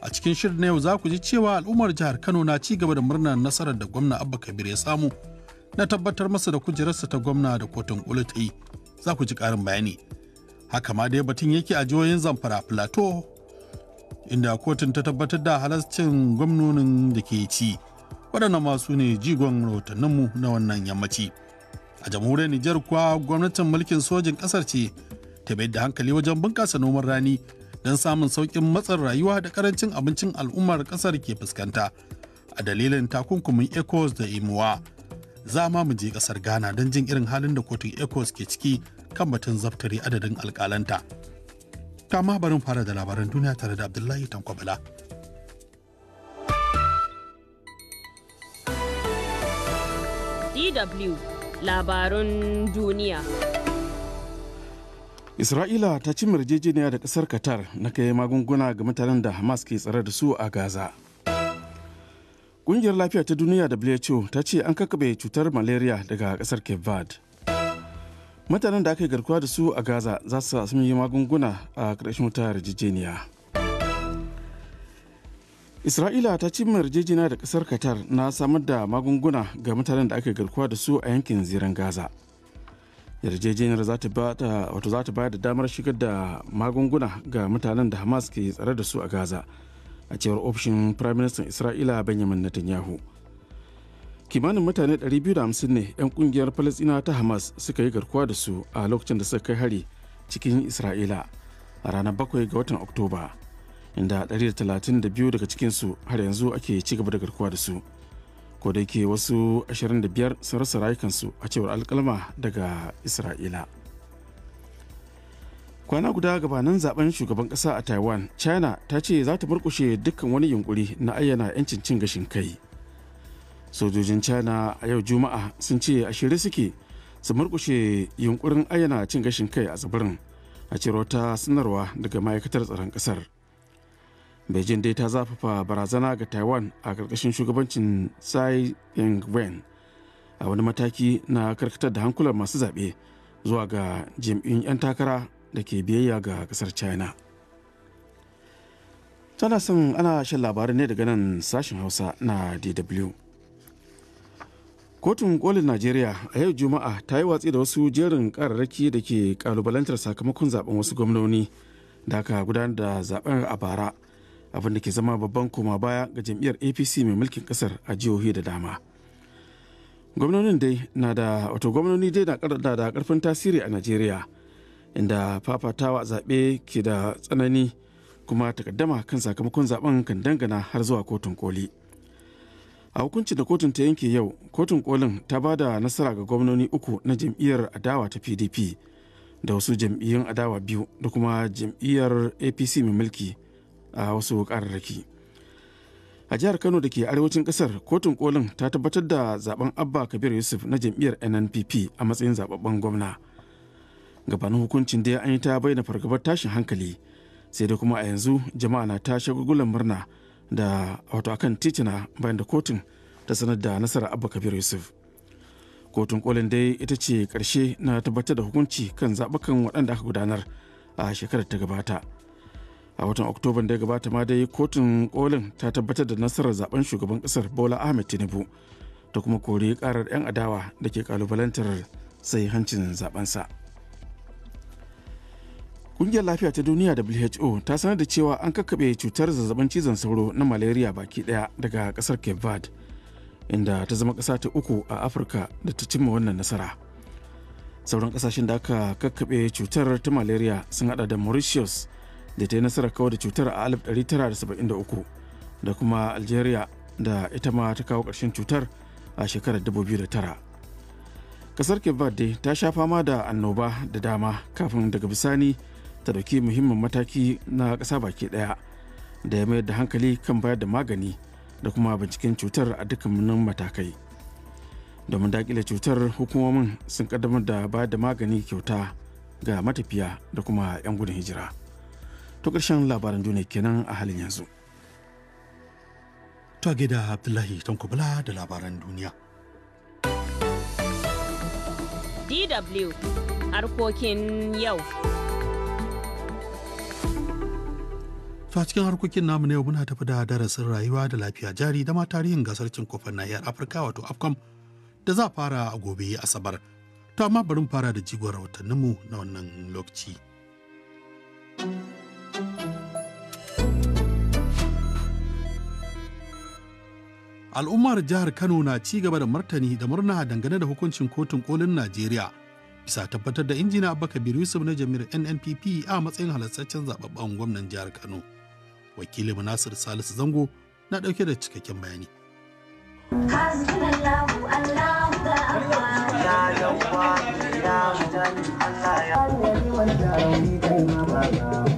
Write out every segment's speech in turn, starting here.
a cikin shirin na yau za ku ji cewa al'ummar jihar kano na ci gaba da murnar nasarar da gwamna abba kabir ya samu na tabbatar masa da kujerarsa ta gwamna da kotun kulutai za ku ji karin bayani haka ma dai batun yake a jihohin zamfara plateau inda kotun ta tabbatar da halascin gwamnonin da ke ci waɗannan masu ne jigon mu na wannan yammaci a jamhuriyar nijar kuwa gwamnatin mulkin sojin ƙasar ce ta bayar da hankali wajen bunƙasa noman rani don samun sauƙin matsar rayuwa da karancin abincin al'ummar ƙasar ke fuskanta a dalilin takunkumin ecos da imuwa za ma mu je ƙasar ghana don jin irin halin da kotun ecos ke ciki kan batun zaftare adadin alƙalanta kama barin fara da labaran duniya tare da abdullahi tankwabala DW labarun duniya. isra'ila ta ci yarjejeniya da kasar qatar na kai magunguna ga mutanen da hamas ke tsare da su a gaza ƙungiyar lafiya ta duniya who ta ce an kakabe cutar malaria daga kasar cape verde mutanen da aka yi garkuwa da su a gaza za su sami magunguna a ƙarshen wata yarjejeniya isra'ila ta ci yarjejeniya da kasar qatar na samar da magunguna ga mutanen da aka garkuwa da su a yankin ziren gaza yarjejeniyar za ta bayar da damar shigar da magunguna ga mutanen da hamas ke tsare da su a gaza a cewar ofishin firaministan isra'ila benjamin netanyahu kimanin mutane 250 ne 'yan kungiyar falasina ta hamas suka yi garkuwa da su a lokacin da suka kai hari cikin isra'ila a ranar 7 ga watan oktoba inda 132 daga cikinsu har yanzu ake ci gaba da garkuwa da su ko da ke wasu 25 sun rasa rayukansu a cewar alkalma daga isra'ila kwana guda gabanin zaben shugaban kasa a taiwan china ta ce za ta murkushe dukkan wani yunkuri na ayyana 'yancin cin gashin kai sojojin china a yau juma'a sun ce a shirye suke su murkushe yunkurin ayyana cin gashin kai a tsibirin a cewar ta sanarwa daga ma'aikatar tsaron kasar beijing dai ta zafafa barazana ga taiwan a karkashin shugabancin tsai ing-wen a wani mataki na karkatar da hankulan masu zaɓe zuwa ga jam'in 'yan takara da ke biyayya ga ƙasar china tana son ana shan labarin ne daga nan sashen hausa na dw kotun kolin najeriya a yau juma'a ta yi watsi da wasu jerin kararraki da ke kalubalantar sakamakon zaben wasu gwamnoni da aka gudanar da zaben a bara abin da ke zama babban koma baya ga jam'iyyar apc mai mulkin kasar a jihohi da dama gwamnonin dai na da wato gwamnoni dai na da karfin tasiri a najeriya inda fafatawa zaɓe ke da tsanani kuma takaddama kan sakamakon zaben kan dangana har zuwa kotun koli a hukuncin da kotun ta yanke yau kotun kolin ta ba da nasara ga gwamnoni uku na jam'iyyar adawa ta pdp da wasu jam'iyyun adawa biyu da kuma jam'iyyar apc mai mulki a wasu kararraki a jihar kano da ke arewacin kasar kotun kolin ta tabbatar da zaben abba kabir yusuf na jam'iyyar nnpp a matsayin zababben gwamna gabanin hukuncin dai an yi ta bayyana fargabar tashin hankali sai dai kuma a yanzu jama'a na ta shagugulan murna da wato akan titina bayan da kotun ta sanar da nasarar abba kabir yusuf kotun kolin dai ita ce karshe na tabbatar da hukunci kan zaɓukan waɗanda aka gudanar a shekarar ta gabata a watan oktoba da ya gabata ma dai kotun kolin ta tabbatar da nasarar zaben shugaban kasar bola ahmed tinubu ta kuma kori karar 'yan adawa da ke kalubalantar sai hancin zabensa kungiyar lafiya ta duniya who ta sanar da cewa an kakkaɓe cutar zazzabin cizon sauro na malaria baki daya daga kasar cape verde inda ta zama kasa ta uku a afirka da ta cimma wannan nasara sauran kasashen da aka kakkaɓe cutar ta malaria sun hada da mauritius da ta yi nasarar kawo da cutar a 1973 da kuma algeria da ita ma ta kawo ƙarshen cutar a shekarar 2009 kasar cape verde ta sha fama da annoba da dama kafin daga bisani ta dauki muhimmin mataki na ƙasa baki ɗaya da ya mayar da hankali kan bayar da magani da kuma binciken cutar a dukkanin matakai domin dakile cutar hukumomin sun kaddamar da bayar da magani kyauta ga matafiya da kuma 'yan gudun hijira. to ƙarshen labaran duniya kenan a halin yanzu to da abdullahi bala da labaran duniya dw harkokin yau To a cikin harkokin namu na yau muna tafi da darasin rayuwa da lafiya jari da ma tarihin gasar cin kofar yar Afirka wato AFCOM da za a fara a gobe Asabar. To amma bari mu fara da jigon rahotanninmu na wannan lokaci. al'ummar jihar kano na ci gaba da martani da murna dangane da hukuncin kotun kolin najeriya bisa tabbatar da injina abba kabir yusuf na jami'ar nnpp a matsayin halartaccen zababben gwamnan jihar kano wakilin nasir salisu zango na ɗauke da cikakken bayani Allah ya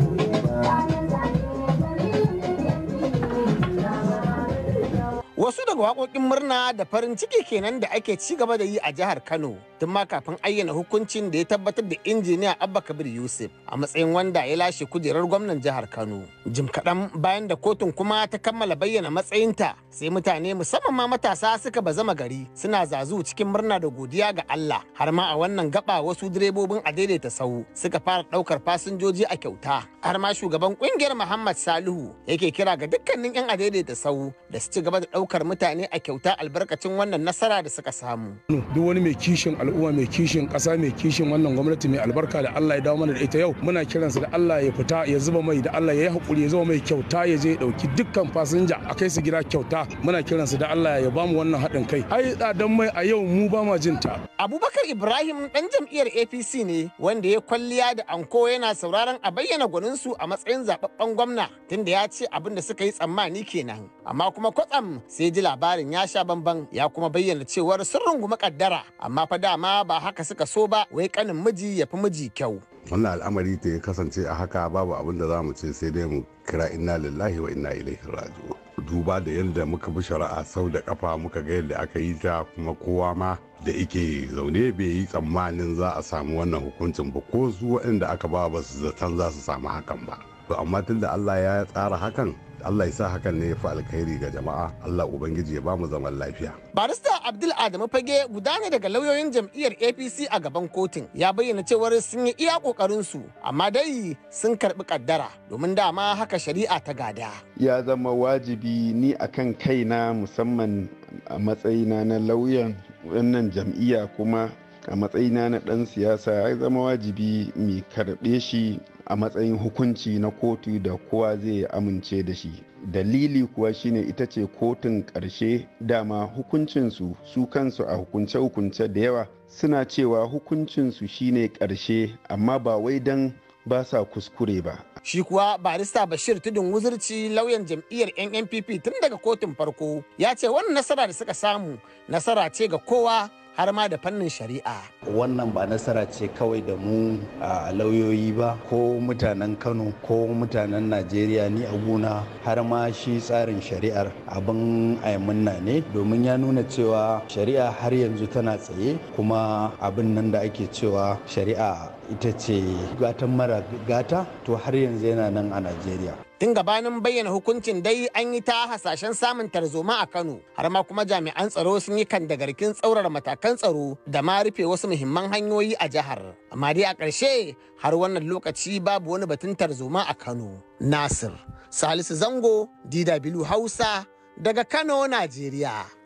Wasu daga waƙoƙin murna da farin ciki kenan da ake ci gaba da yi a jihar Kano tun ma kafin ayyana hukuncin da ya tabbatar da injiniya Abba Kabir Yusuf a matsayin wanda ya lashe kujerar gwamnan jihar Kano. Jim kaɗan bayan da kotun kuma ta kammala bayyana matsayinta sai mutane musamman ma matasa suka bazama gari suna zazu cikin murna da godiya ga Allah har ma a wannan gaba wasu direbobin a daidaita sau suka fara ɗaukar fasinjoji a kyauta har ma shugaban ƙungiyar Muhammad Salihu yake kira ga dukkanin 'yan a daidaita sau da su ci gaba da ɗaukar ɗaukar mutane a kyauta albarkacin wannan nasara da suka samu. Duk wani mai kishin al'umma mai kishin ƙasa mai kishin wannan gwamnati mai albarka da Allah ya dawo mana da ita yau muna kiransa da Allah ya fita ya zuba mai da Allah ya yi haƙuri ya zuba mai kyauta ya je ya ɗauki dukkan fasinja a kai su gida kyauta muna kiransa da Allah ya bamu wannan haɗin kai. Ai tsadan mai a yau mu ba ma jin Abubakar Ibrahim ɗan jam'iyyar APC ne wanda ya kwalliya da anko yana sauraron a bayyana gwanin su a matsayin zababben gwamna tunda ya ce abin da suka yi tsammani kenan. Amma kuma kwatsam sai sai ji labarin ya sha bamban ya kuma bayyana cewar sun rungumi kaddara amma fa dama ba haka suka so ba wai kanin miji ya fi miji kyau wannan al'amari ta ya kasance a haka babu abin da za mu ce sai dai mu kira inna lillahi wa inna ilaihi raji'un duba da yadda muka bi shari'a sau da kafa muka ga yadda aka yi ta kuma kowa ma da ike zaune bai yi tsammanin za a samu wannan hukuncin ba ko su waɗanda aka ba ba su zaton za su samu hakan ba to amma tunda Allah ya tsara hakan Allah ya sa hakan ne ya fi alkhairi ga jama'a Allah ubangiji ya bamu zaman lafiya barista Abdul Adamu Fage guda ne daga lauyoyin jam'iyyar APC a gaban kotun ya bayyana cewar sun yi iya kokarin su amma dai sun karbi kaddara domin dama haka shari'a ta gada ya zama wajibi ni akan kaina musamman a matsayina na lauyan wannan jam'iyya kuma a matsayina na ɗan siyasa ya zama wajibi mai karɓe shi a matsayin hukunci na kotu da kowa zai amince da shi dalili kuwa shine ita ce kotun ƙarshe dama hukuncinsu su kansu a hukunce-hukunce da yawa suna cewa hukuncinsu shine ƙarshe amma ba wai don ba sa kuskure ba Shi kuwa barista Bashir Tudun Wuzurci lauyan jam'iyyar NNPP tun daga kotun farko ya ce wani nasara da suka samu nasara ce ga kowa har ma da fannin shari'a. Wannan ba nasara ce kawai da mu a lauyoyi ba ko mutanen Kano ko mutanen Najeriya ni a guna har ma shi tsarin shari'ar abin aiminna ne domin ya nuna cewa shari'a har yanzu tana tsaye kuma abin nan da ake cewa shari'a ita ce gatan mara gata to har yanzu yana nan a najeriya tun gabanin bayyana hukuncin dai an yi ta hasashen samun tarzoma a kano har ma kuma jami'an tsaro sun yi kan dagarkin tsaurar matakan tsaro da ma rufe wasu muhimman hanyoyi a jihar amma dai a ƙarshe har wannan lokaci babu wani batun tarzoma a kano nasir salisu zango dw hausa daga kano najeriya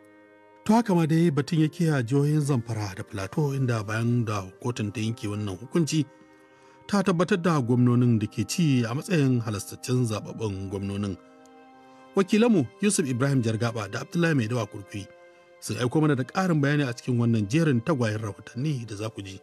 to haka ma dai batun ya a jihohin zamfara da plateau inda bayan da kotun ta yanke wannan hukunci ta tabbatar da gwamnonin da ke ci a matsayin halastaccen zababben gwamnonin wakilanmu yusuf ibrahim jargaba da abdullahi mai dawa kurkuri sun aiko mana da ƙarin bayani a cikin wannan jerin tagwayen rahotanni da za ku ji.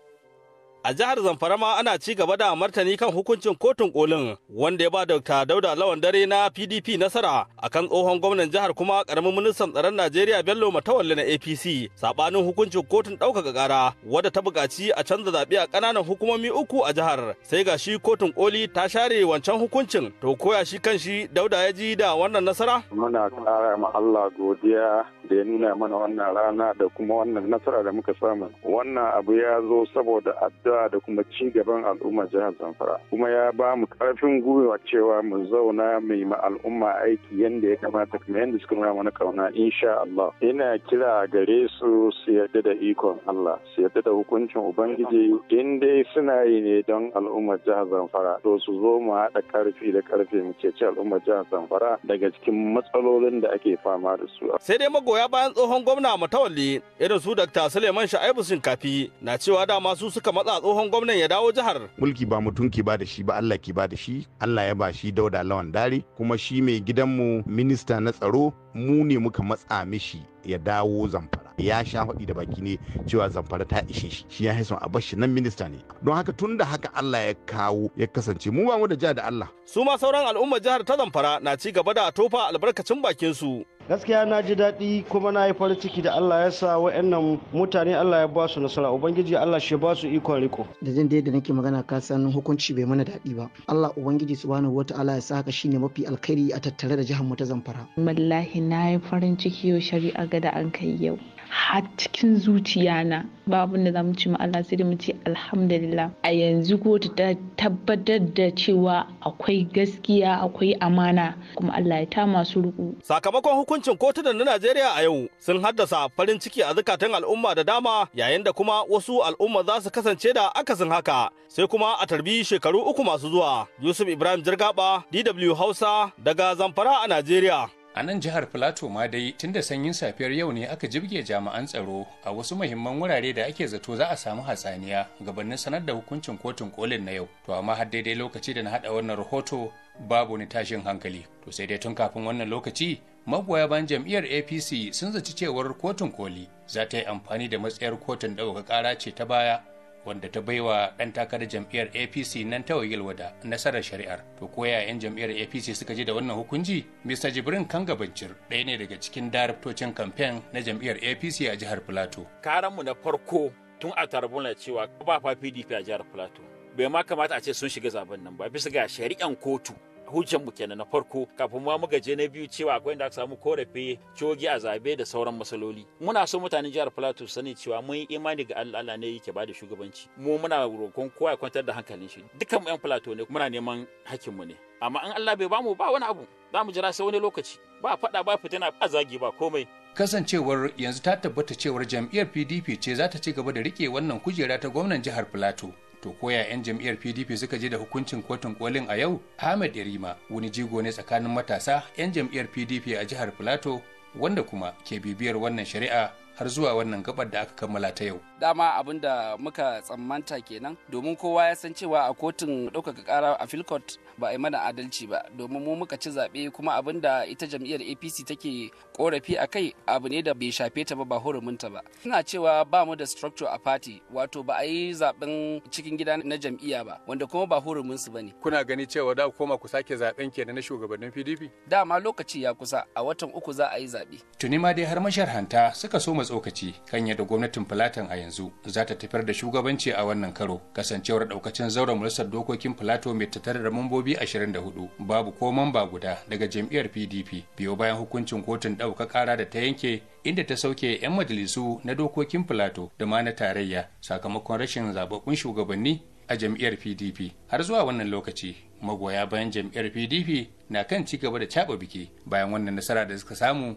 A jihar Zamfara ma ana ci gaba da martani kan hukuncin kotun kolin wanda ya ba Dr. Dauda Lawan dare na PDP nasara akan tsohon gwamnan jihar kuma karamin ministan tsaron Najeriya Bello Matawalle na APC sabanin hukuncin kotun ɗaukaka ƙara wadda ta buƙaci a canza zaɓe a ƙananan hukumomi uku a jihar sai ga shi kotun koli ta share wancan hukuncin to koya shi kan shi Dauda ya ji da wannan nasara. Muna ƙara ma Allah godiya da ya nuna mana wannan rana da kuma wannan nasara da muka samu. Wannan abu ya zo saboda addu'a addu'a da kuma ci gaban al'ummar jihar Zamfara kuma ya ba mu karfin gwiwa cewa mu zauna mu yi ma al'umma aiki yadda ya kamata kuma yadda suka nuna mana kauna insha Allah ina kira gare su su yarda da ikon Allah su yarda da hukuncin ubangiji in dai suna yi ne don al'ummar jihar Zamfara to su zo mu haɗa karfi da karfe mu ceci al'ummar jihar Zamfara daga cikin matsalolin da ake fama da su sai dai magoya bayan tsohon gwamna tawalle irin su Dr. Suleiman Sha'ibu Shinkafi na cewa dama su suka matsa tsohon gwamnan ya dawo jihar. Mulki ba mutum ke ba da shi ba Allah ke ba da shi, Allah ya ba shi dauda lawan dare kuma shi mai gidanmu minista na tsaro mu ne muka matsa mishi ya dawo zamfara ya sha faɗi da baki ne cewa zamfara ta ishe shi shi ya haison a shi nan minista ne don haka tun da haka Allah ya kawo ya kasance mu ba mu da jiha da Allah su ma sauran al'ummar jihar ta zamfara na ci gaba da tofa albarkacin bakin su gaskiya na ji daɗi kuma na yi farin ciki da Allah ya sa wa'annan mutane Allah ya ba su nasara ubangiji Allah shi ba su ikon riko da jin da nake magana ka san hukunci bai mana daɗi ba Allah ubangiji subhanahu wataala ya saka shine mafi alkhairi a tattare da jihar mu ta Zamfara wallahi na yi farin ciki yau shari'a ga da an kai yau har cikin zuciya na ba abin za mu ci ma Allah sai da mu ce alhamdulillah a yanzu ko ta tabbatar da cewa akwai gaskiya akwai amana kuma Allah ya ta masu ruku sakamakon hukuncin kotunan na Najeriya a yau sun haddasa farin ciki a zakatan al'umma da dama yayin da kuma wasu al'umma za su kasance da akasin haka sai kuma a tarbi shekaru uku masu zuwa Yusuf Ibrahim Jirgaba DW Hausa daga Zamfara a Najeriya A nan jihar Filato ma dai tun da sanyin safiyar yau ne aka jibge jami'an tsaro a wasu muhimman wurare da ake zato za a samu hatsaniya gabanin sanar da hukuncin kotun kolin na yau. To amma har daidai lokaci da na haɗa wannan rahoto babu ni tashin hankali. To sai dai tun kafin wannan lokaci magoya ban jam'iyyar APC sun zaci cewar kotun koli za ta yi amfani da matsayar kotun ɗaukaka ƙara ce ta baya wanda ta baiwa ɗan takarar jam'iyyar apc nan ta lwada nasarar shari'ar to koya 'yan jam'iyyar apc suka ji da wannan hukunci mr jibrin kanga bancir ɗaya ne daga cikin daraktocin kamfen na jam'iyyar apc a jihar plateau karanmu na farko tun a tarbuna cewa ba fa pdp a jihar plateau bai ma kamata a ce sun shiga zaben nan ba bisa ga shari'an kotu hujjan mu kenan na farko kafin ma muka je na biyu cewa akwai inda aka samu korafi cogi a zabe da sauran masaloli muna so mutanen jihar plateau sani cewa mun yi imani ga Allah ne yake bada shugabanci mu muna roƙon kowa ya kwantar da hankalin shi dukkan mu yan plateau ne muna neman hakkin mu ne amma in Allah bai bamu ba wani abu za mu jira sai wani lokaci ba fada ba fitina ba zagi ba komai kasancewar yanzu ta tabbata cewar jam'iyyar pdp ce za ta ci gaba da rike wannan kujera ta gwamnan jihar plateau to koya 'yan jam'iyyar pdp suka je da hukuncin kotun kolin a yau ahmed yarima wani jigo ne tsakanin matasa 'yan jam'iyyar pdp a jihar plateau wanda kuma ke bibiyar wannan shari'a har zuwa wannan gabar da aka kammala ta yau. Dama abin da muka tsammanta kenan domin kowa ya san cewa a kotun ɗaukaka ƙara a Filkot ba a yi mana adalci ba domin mu muka ci zaɓe kuma abin da ita jam'iyyar APC take korafi a kai abu ne da bai shafe ta ba ba hurumunta ba. Ina cewa ba mu da structure a party wato ba a yi zaɓen cikin gida na jam'iyya ba wanda kuma ba hurumunsu ba ne. Kuna gani cewa da koma ku sake zaɓen kenan na shugabannin PDP? Dama lokaci ya kusa a watan uku za a yi zaɓe. Tuni ma dai har masharhanta suka so kuma tsokaci kan yadda gwamnatin Filatan a yanzu za ta tafiyar da shugabanci a wannan karo kasancewar daukacin zauren majalisar dokokin Filato mai tattare da mambobi 24 babu ko mamba guda daga jam'iyyar PDP biyo bayan hukuncin kotun ɗauka ƙara da ta yanke inda ta sauke 'yan majalisu na dokokin Filato da ma na tarayya sakamakon rashin zababbun shugabanni a jam'iyyar PDP har zuwa wannan lokaci magoya bayan jam'iyyar PDP na kan ci gaba da caɓa biki bayan wannan nasara da suka samu.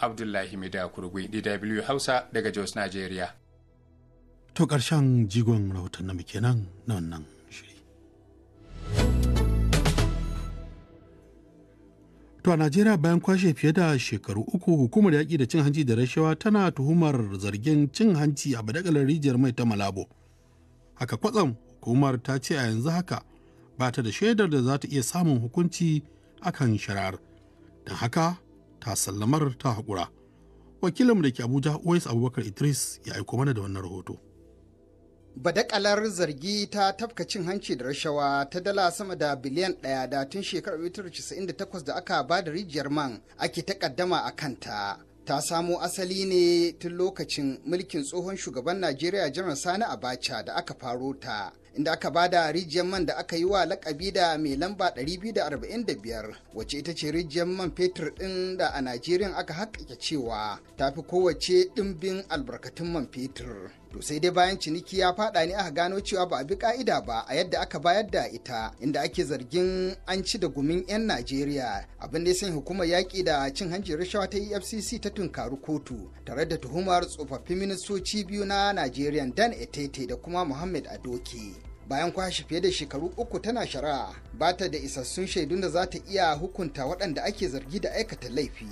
Abdullahi Mida Kurgui DW Hausa daga Jos Nigeria. To ƙarshen jigon rahoton na nan na wannan shiri. To a Najeriya bayan kwashe fiye da shekaru uku hukumar yaƙi da cin hanci da rashawa tana tuhumar zargin cin hanci a badagalar rijiyar mai ta Malabo. Haka kwatsam hukumar ta ce a yanzu haka ba ta da shaidar da za ta iya samun hukunci akan shirar. Don haka ta sallamar ta haƙura wakilinmu da ke abuja uwais abubakar idris ya aiko mana da wannan rahoto badakalar zargi ta tafka cin hanci da rashawa ta dala sama da biliyan ɗaya da tun shekarar 1998 da aka ba da rijiyar man ake takaddama a kanta ta samo asali ne tun lokacin mulkin tsohon shugaban najeriya janar sani abacha da aka faro ta inda aka bada rijiyar man da aka yi wa lakabi da mai lamba 245 wacce ita ce rijiyar man fetur din da a najeriya aka haƙƙa cewa ta fi kowace ɗimbin albarkatun man fetur to sai dai bayan ciniki ya faɗa ne aka gano cewa ba a bi ka'ida ba a yadda aka bayar da ita inda ake zargin an ci da gumin 'yan najeriya abin da ya sanya hukumar yaƙi da cin hanci rashawa ta efcc ta tunkaru kotu tare da tuhumar tsofaffin ministoci biyu na najeriya dan etete da kuma muhammad adoke bayan kwashe fiye da shekaru uku tana shari'a ba ta da isassun shaidun da za ta iya hukunta waɗanda ake zargi da aikata laifi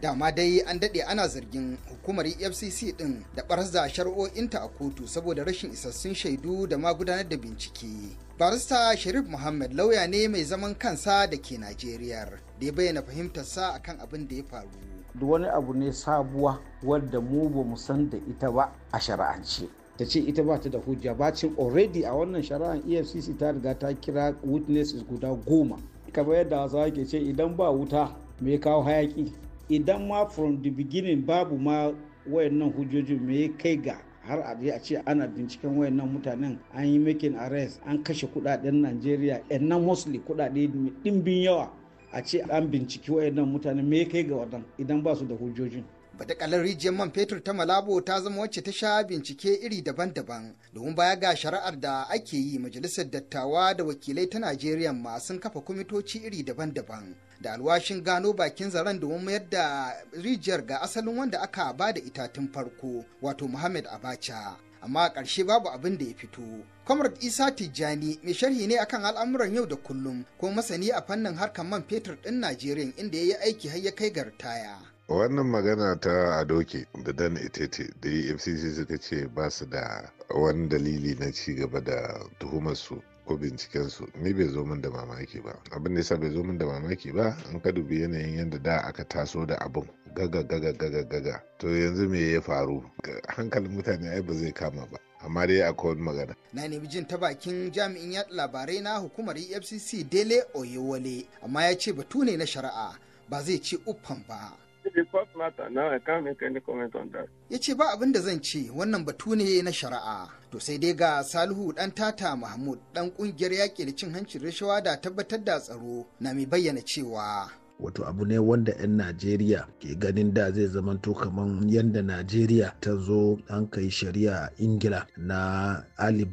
dama dai an daɗe ana zargin hukumar efcc ɗin da barza shari'o'inta a kotu saboda rashin isassun shaidu da ma gudanar da bincike barista sharif muhammad lauya ne mai zaman kansa da ke najeriya da ya bayyana fahimtarsa kan abin da ya faru duk wani abu ne sabuwa wadda mu ba mu san da ita ba a shari'ance ta ce ita ba ta da hujja ba cin already a wannan shari'a efcc ta riga ta kira witnesses guda goma kamar yadda hausawa ke ce idan ba wuta mai kawo hayaki idan ma from the beginning babu ma wayannan hujjojin me kai ga har a a ce ana binciken wayannan mutanen an yi making arrest an kashe kudaden najeriya nan mostly kudade dimbin yawa a ce an binciki wayannan mutanen me kai ga wadan idan ba su da hujjojin Badakalar rijiyar man fetur ta Malabo ta zama wacce ta sha bincike iri daban-daban domin baya ga shari'ar da ake yi majalisar dattawa da wakilai ta Najeriya masu kafa kwamitoci iri daban-daban da alwashin gano bakin zaren domin mayar da rijiyar ga asalin wanda aka ba da ita farko wato Muhammad Abacha. amma a ƙarshe babu abin da ya fito. Comrade Isa Tijjani mai sharhi ne akan al'amuran yau da kullum ko masani a fannin harkar man fetur ɗin Najeriya inda ya yi aiki har ya kai ga ritaya. wannan magana ta adoke da dan itete da e fcc suka ce ba su da wani dalili na ci gaba da tuhumarsu ko bincikensu ni bai zo min da mamaki ba abin nisa bai zo min da mamaki ba in ka dubi yanayin yadda da aka taso da abin gaga gaga gaga gaga to yanzu me ya faru hankalin mutane ai ba zai kama ba amma dai akwai wani magana. Na nemi jin ta bakin jami'in yaɗa labarai na hukumar EFCC Dele Oyewole amma ya ce batu ne na shari'a ba zai ce uffan ba. Ya ce ba abin da zan ce wannan batu ne na shari'a. To sai dai ga Salihu ɗan tata Mahmud ɗan ƙungiyar yaƙi da cin hancin rashawa da tabbatar da tsaro na mai bayyana cewa wato abu ne wanda 'yan najeriya ke ganin da zai zamanto kamar yadda najeriya ta zo an kai shari'a ingila na ali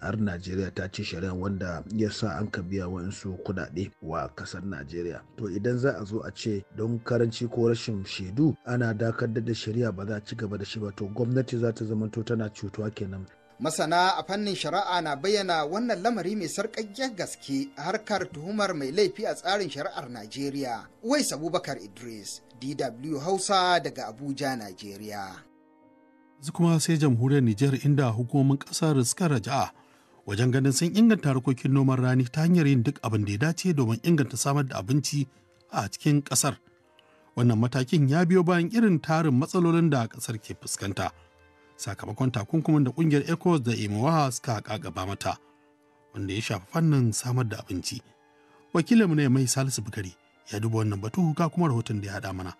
har najeriya ta ci shari'a wanda ya sa an ka biya wa'insu kudade wa kasar najeriya to idan za a zo a ce don karanci ko rashin shaidu ana dakatar da shari'a ba za a ci gaba da shi ba to gwamnati za ta zamanto tana cutuwa kenan Masana a fannin shari'a na bayyana wannan lamari mai sarƙaƙƙiyar gaske harkar tuhumar mai laifi a tsarin shari'ar Najeriya. Wais Abubakar Idris, DW Hausa daga Abuja, Najeriya. Yanzu kuma sai jamhuriyar Nijar inda hukumomin ƙasar suka raja'a wajen ganin sun inganta harkokin noman rani ta hanyar yin duk abin da ya dace domin inganta samar da abinci a cikin ƙasar. Wannan matakin ya biyo bayan irin tarin matsalolin da ƙasar ke fuskanta. sakamakon takunkumin da kungiyar ecos da imowa suka kakaba mata wanda ya shafi fannin samar da abinci wakilinmu ne mai salisu bukari ya duba wannan batu ga kuma rahoton da ya haɗa mana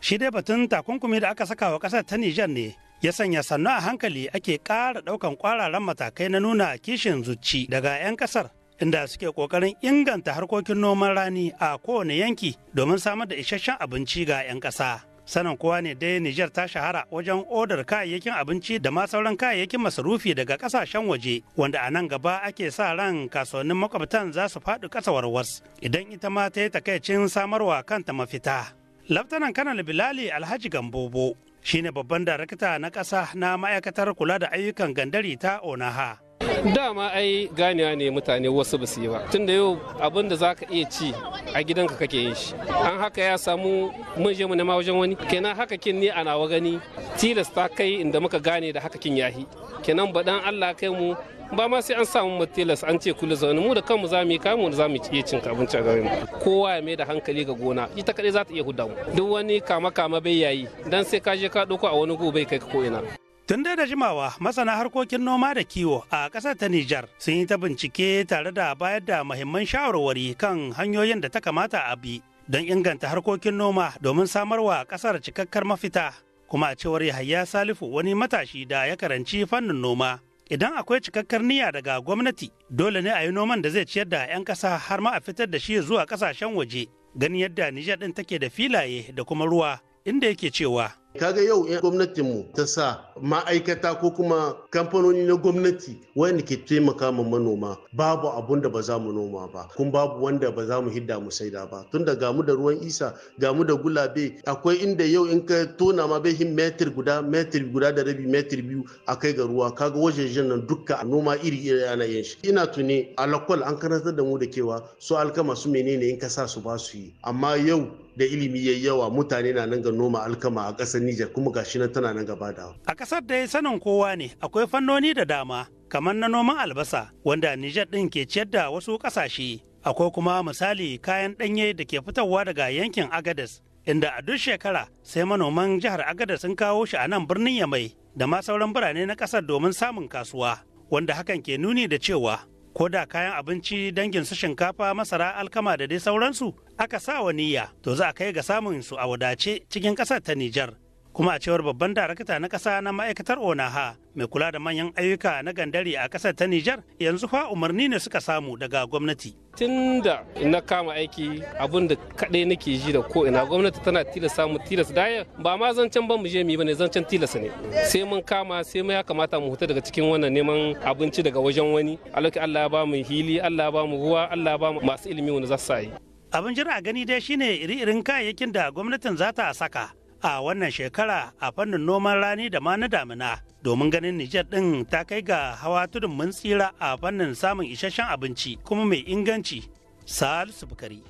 shi dai batun takunkumi da aka saka wa ƙasar ta nijar ne ya sanya sannu a hankali ake ƙara ɗaukan ƙwararan matakai na nuna kishin zuci daga 'yan ƙasar inda suke ƙoƙarin inganta harkokin noman rani a kowane yanki domin samar da isasshen abinci ga 'yan ƙasa. sanin kowa ne dai Nijar ta shahara wajen odar kayayyakin abinci da ma sauran kayayyakin masarufi daga kasashen waje wanda a nan gaba ake sa ran kasuwannin makwabtan za su faɗi ƙasa warwas idan ita ma ta yi takaicin samarwa kanta mafita. Laftanan Kanal Bilali Alhaji Gambobo shine babban darakta na ƙasa na ma'aikatar kula da ayyukan gandari ta Onaha. dama ai ganewa ne mutane wasu ba su yi ba da yau abin da za ka iya ci a gidanka kake yin shi an haka ya samu mun je mu nema wajen wani kenan haka kin ne ana wa gani tilasta kai inda muka gane da haka kin yahi kenan ba dan Allah kai mu ba ma sai an samu matilas an ce kula zaune mu da kanmu za mu yi mu za mu iya cin abinci a garin kowa ya mai da hankali ga gona ita kadai za ta iya huda mu duk wani kama kama bai yayi dan sai ka je ka doko a wani gobe kai ka ko ina Tun da jimawa masana harkokin noma da kiwo a ƙasar ta Nijar sun yi ta bincike tare da bayar da mahimman shawarwari kan hanyoyin da ta kamata a bi don inganta harkokin noma domin samarwa ƙasar cikakkar mafita. Kuma a cewar Yahaya Salifu wani matashi da ya karanci fannin noma. Idan akwai cikakkar niyya daga gwamnati dole ne a yi noman da zai ciyar da 'yan ƙasa har ma a fitar da shi zuwa ƙasashen waje. Ganin yadda Nijar ɗin take da filaye da kuma ruwa inda yake cewa. kaga yau yan eh, mu ta sa ma'aikata ko kuma kamfanoni na gwamnati wanda ke taimaka ma manoma babu abun da ba za mu noma ba kuma babu wanda ba za mu hidda mu saida ba tun da gamu da ruwan isa gamu da gulabe akwai inda yau in ka tona ma bai hin metri guda metri guda da rabi metri biyu a kai ga ruwa kaga wajejen nan dukka noma iri iri ana yin shi ina tuni alakwal an karantar da mu da kewa su alkama su menene in ka sa su ba su yi amma yau da ilimi ya yawa mutane na nan ga noma alkama a ƙasar Nijar kuma gashi nan tana nan gaba da. A ƙasar da sanin kowa ne akwai fannoni da dama kamar na noman albasa wanda Nijar ɗin ke ciyar da wasu ƙasashe. Akwai kuma misali kayan ɗanye da ke fitowa daga yankin Agadez inda a duk shekara sai manoman jihar Agadez sun kawo shi a nan birnin Yamai da ma sauran birane na ƙasar domin samun kasuwa wanda hakan ke nuni da cewa ko da kayan abinci dangin su shinkafa masara alkama da dai sauransu aka sa wa niyya to za a kai ga samun su a wadace cikin ƙasar ta Nijar. kuma a cewar babban darakta na ƙasa na ma'aikatar onaha mai kula da manyan ayyuka na gandari a ƙasar ta nijar yanzu fa umarni ne suka samu daga gwamnati tun da na kama aiki abin da kaɗai nake ji da ko ina gwamnati tana tilasa mu tilas daya ba ma zancen ban mu je mu bane zancen tilas ne sai mun kama sai mu ya kamata mu huta daga cikin wannan neman abinci daga wajen wani alaki Allah ya ba mu hili Allah ya ba mu ruwa Allah ya ba mu masu ilimi wanda za su sa yi abin jira gani dai shine iri-irin kayayyakin da gwamnatin za ta saka a wannan shekara a fannin noman rani da ma na damina domin ganin Nijar ɗin ta kai ga hawa tudun mun tsira a fannin samun isasshen abinci kuma mai inganci Salisu Bukari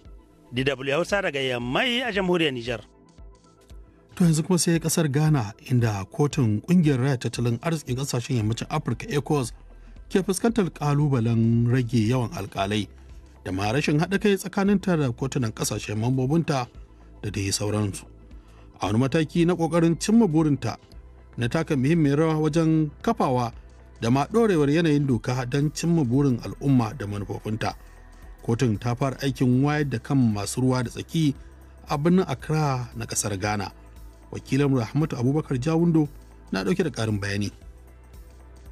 DW Hausa daga Yammai a jamhuriyar Nijar. To yanzu kuma sai kasar Ghana inda kotun kungiyar raya tattalin arzikin kasashen yammacin Afirka ECOWAS ke fuskantar kalubalen rage yawan alkalai da ma rashin haɗa kai tsakaninta da kotunan kasashen mambobinta da dai sauransu. a wani mataki na ƙoƙarin cimma burinta na taka muhimmiyar rawa wajen kafawa da ma ɗorewar yanayin doka don cimma burin al'umma da manufofinta kotun ta fara aikin wayar da kan masu ruwa da tsaki a birnin accra na ƙasar ghana wakilin rahmatu abubakar jawundo na ɗauke da ƙarin bayani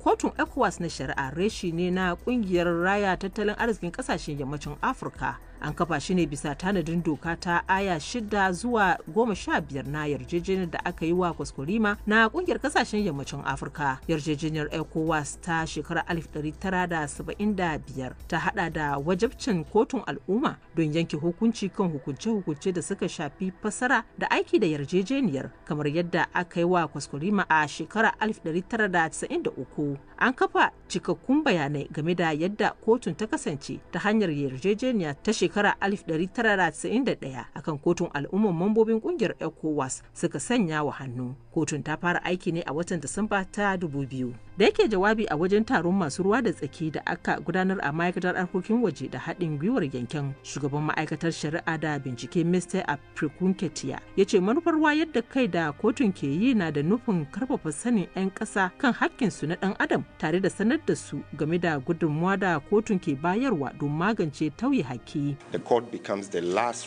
kotun ecowas na shari'a reshi ne na ƙungiyar raya tattalin arzikin ƙasashen yammacin afirka an kafa shi ne bisa tanadin doka ta aya shida zuwa goma sha biyar na yarjejeniyar da aka yi wa kwaskwarima na kungiyar kasashen yammacin afirka yarjejeniyar ecowas ta shekarar 1975 ta hada da wajabcin kotun al'umma don yanke hukunci kan hukunce-hukunce da suka shafi fasara da aiki da yarjejeniyar kamar yadda aka yi wa kwaskwarima a shekarar 1993 an kafa cikakkun bayanai game da yadda kotun ta kasance ta hanyar yarjejeniya ta shekara 1991 akan kotun al'umman mambobin kungiyar ecowas suka sanya wa hannu kotun ta fara aiki ne a watan disamba ta 2000 da yake jawabi a wajen taron masu ruwa da tsaki da aka gudanar a ma'aikatar harkokin waje da haɗin gwiwar yankin shugaban ma'aikatar shari'a da bincike mr aprikunketiya ya ce manufar ruwa yadda kai da kotun ke yi na da nufin karfafa sanin 'yan ƙasa kan hakkinsu na ɗan adam tare da sanar da su game da gudunmuwa da kotun ke bayarwa don magance tauye haƙƙi. The the last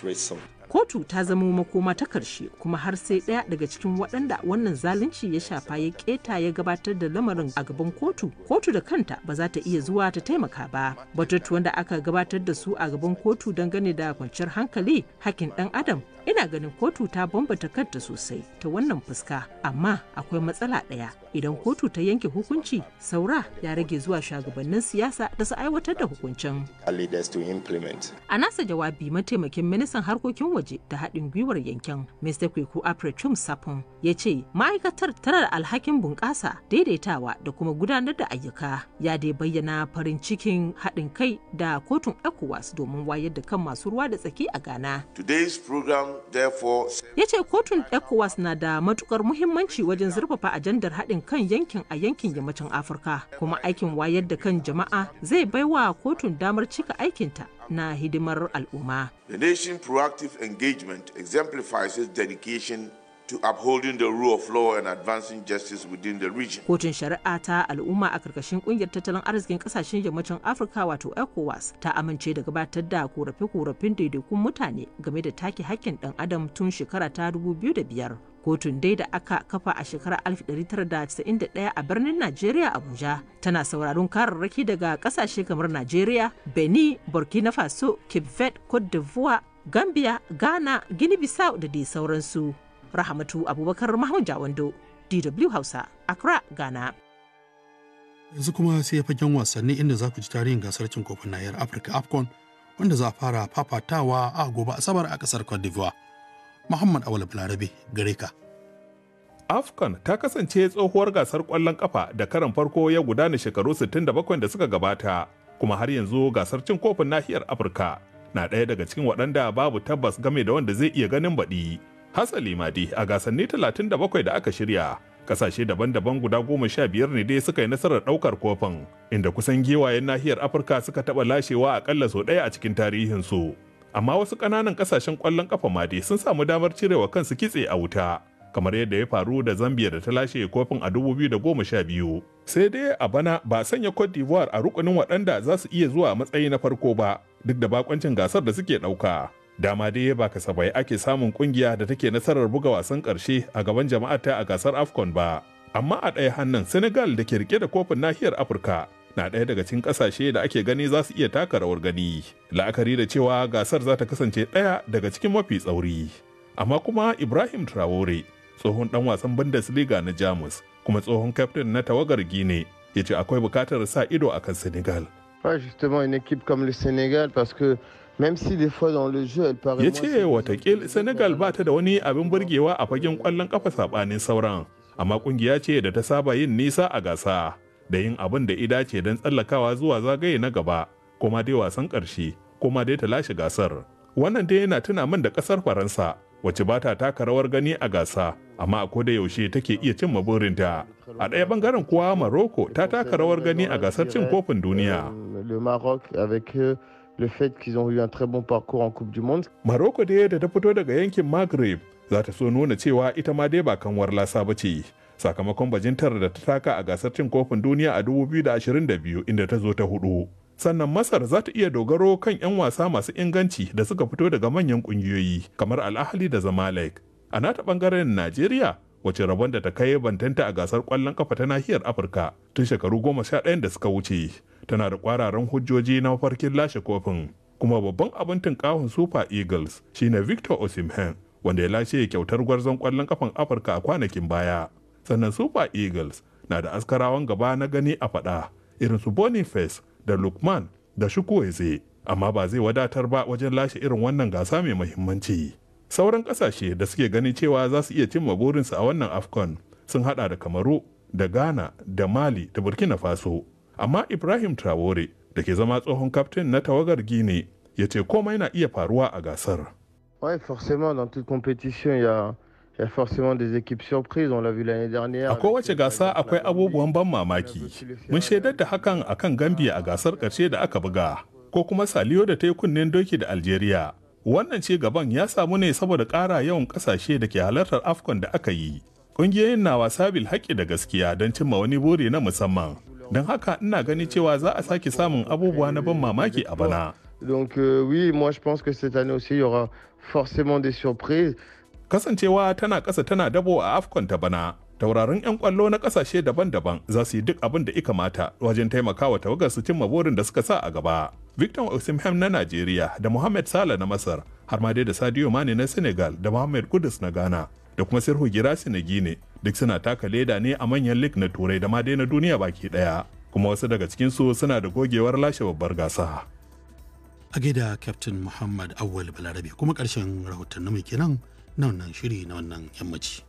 kotu ta zama makoma ta karshe kuma har sai ɗaya daga cikin waɗanda wannan zalunci ya shafa ya keta ya gabatar da lamarin a gaban kotu kotu da kanta ba za ta iya zuwa ta taimaka ba batutuwan da aka gabatar da su a gaban kotu dangane da kwanciyar hankali hakkin ɗan adam ina ganin kotu ta bambata kanta sosai ta wannan fuska amma akwai matsala ɗaya idan kotu ta yanke hukunci saura ya rage zuwa shugabannin siyasa da su aiwatar da hukuncin a nasa jawabi mataimakin ministan harkokin waje da haɗin gwiwar yankin mr kweku aprechum sapon ya ce ma'aikatar tana da alhakin bunƙasa daidaitawa da kuma gudanar da ayyuka ya dai bayyana farin cikin haɗin kai da kotun ecowas domin wayar da kan masu ruwa da tsaki a ghana today's program ya ce kotun ecowas na da matukar muhimmanci wajen zurfafa ajandar haɗin kan yankin a yankin yammacin afirka kuma aikin wayar da kan jama'a zai baiwa kotun damar cika aikinta na hidimar al'umma the nation proactive engagement exemplifies its dedication to upholding the rule of law and advancing justice within the region. Kotun shari'a ta al'umma a karkashin kungiyar tattalin arzikin kasashen yammacin Afirka wato ECOWAS ta amince da gabatar da korafe-korafen daidaikun mutane game da take hakkin dan adam tun shekara ta 2005. Kotun dai da aka kafa a shekara 1991 a birnin Najeriya Abuja tana sauraron kararraki daga kasashe kamar Najeriya, Benin, Burkina Faso, Cape Verde, Cote d'Ivoire, Gambia, Ghana, Guinea-Bissau da dai sauransu. Rahamatu Abubakar Mahmud Jawando, DW Hausa, Accra, Ghana. Yanzu kuma sai fagen wasanni inda za ku ji tarihin gasar cin kofin nahiyar Afirka AFCON wanda za a fara fafatawa a gobe Asabar a kasar Cote d'Ivoire. Muhammad Awal Balarabe gare ka. afcon ta kasance tsohuwar gasar kwallon kafa da karan farko ya gudana shekaru 67 da suka gabata kuma har yanzu gasar cin kofin nahiyar afirka na ɗaya daga cikin waɗanda babu tabbas game da wanda zai iya ganin baɗi hatsali made a gasanni 37 da aka shirya kasashe daban-daban guda goma sha biyar ne dai suka yi nasarar ɗaukar kofin inda kusan giwayen nahiyar afirka suka taɓa lashewa akalla sau ɗaya a cikin tarihinsu amma wasu ƙananan ƙasashen ƙwallon ƙafa ma dai sun samu damar cirewa kansu kitse a wuta kamar yadda ya faru da zambia da ta lashe kofin a 2012 sai dai a bana ba sanya cote d'ivoire a rukunin waɗanda za su iya zuwa matsayi na farko ba duk da bakoncin gasar da suke ɗauka dama dai ba kasafai ake samun kungiya da take nasarar buga wasan karshe a gaban ta a gasar afcon ba amma a ɗaya hannun senegal da ke rike da kofin nahiyar afirka na ɗaya daga cikin ƙasashe da ake gani za su iya taka rawar gani la'akari da cewa gasar za ta kasance ɗaya daga cikin mafi tsauri amma kuma ibrahim traore tsohon ɗan wasan bundesliga na jamus kuma tsohon kaftin na tawagar gine ya ce akwai bukatar sa ido akan senegal justement une ya ce watakil senegal ba ta da wani abin burgewa a fagen kwallon kafa sabanin sauran amma kungiya ce da ta saba yin nisa a gasa da yin abin da ida ce don tsallakawa zuwa zagaye na gaba kuma dai wasan karshe kuma dai ta lashe gasar wannan dai yana tuna min da kasar faransa wacce ba ta taka rawar gani a gasa amma a koda yaushe take iya cin maburinta a ɗaya bangaren kuwa maroko ta taka rawar gani a gasar cin kofin duniya euh, euh, le fait qu'ils ont eu un très bon parcours en Coupe du Monde. Maroko dai da ta fito daga yankin Maghreb za ta so nuna cewa ita ma dai ba kanwar lasa ba ce. Sakamakon bajintar da ta taka a gasar cin kofin duniya a 2022 inda ta zo ta hudu. sannan masar za ta iya dogaro kan 'yan wasa masu inganci da suka fito daga manyan kungiyoyi kamar al'ahali da zamalek a nata bangaren najeriya wace rabon da ta kai bantanta a gasar kwallon kafa ta nahiyar afirka tun shekaru goma sha ɗayan da suka wuce tana da kwararan hujjoji na mafarkin lashe kofin kuma babban abin tunkahun super eagles shine victor osimhen wanda ya lashe kyautar gwarzon kwallon kafan afirka a kwanakin baya sannan super eagles na da askarawan gaba na gani a fada irin su boniface da lukman da shukwueze amma ba zai wadatar ba wajen lashe irin wannan gasa mai muhimmanci sauran kasashe da suke ganin cewa za su iya cimma burinsu a wannan afcon sun hada da kamaru da ghana da mali da burkina faso amma ibrahim traore da ke zama tsohon kaftin na tawagar gine ya ce komai na iya faruwa a gasar A kowace gasa akwai abubuwan ban mamaki. Mun shaidar da hakan a kan Gambia a gasar ƙarshe da aka buga, ko kuma Saliyo da ta yi kunnen doki da Algeria. Wannan ce gaban ya samu ne saboda ƙara yawan ƙasashe da ke halartar Afcon da aka yi. Ƙungiyoyin na wasa bil haƙƙi da gaskiya don cimma wani buri na musamman. don haka ina gani cewa za a sake samun abubuwa na ban mamaki a bana Donc euh, oui, moi Kasancewa tana kasa tana dabo a Afcon ta bana. Taurarin 'yan kwallo na kasashe daban-daban za su yi duk abin da ika mata wajen taimakawa tawagar su cimma burin da suka sa a gaba. Victor Osimhen na Najeriya da Mohamed Salah na Masar, har ma dai da Sadio Mane na Senegal da Mohamed Kudus na Ghana da kuma Sirhu Girasi na Gine duk suna taka leda ne a manyan lig na turai da ma dai na duniya baki daya kuma wasu daga cikinsu suna da gogewar lashe babbar gasa a gida captain muhammad awal balarabe kuma karshen rahoton mai kenan nan wannan shiri na wannan yammaci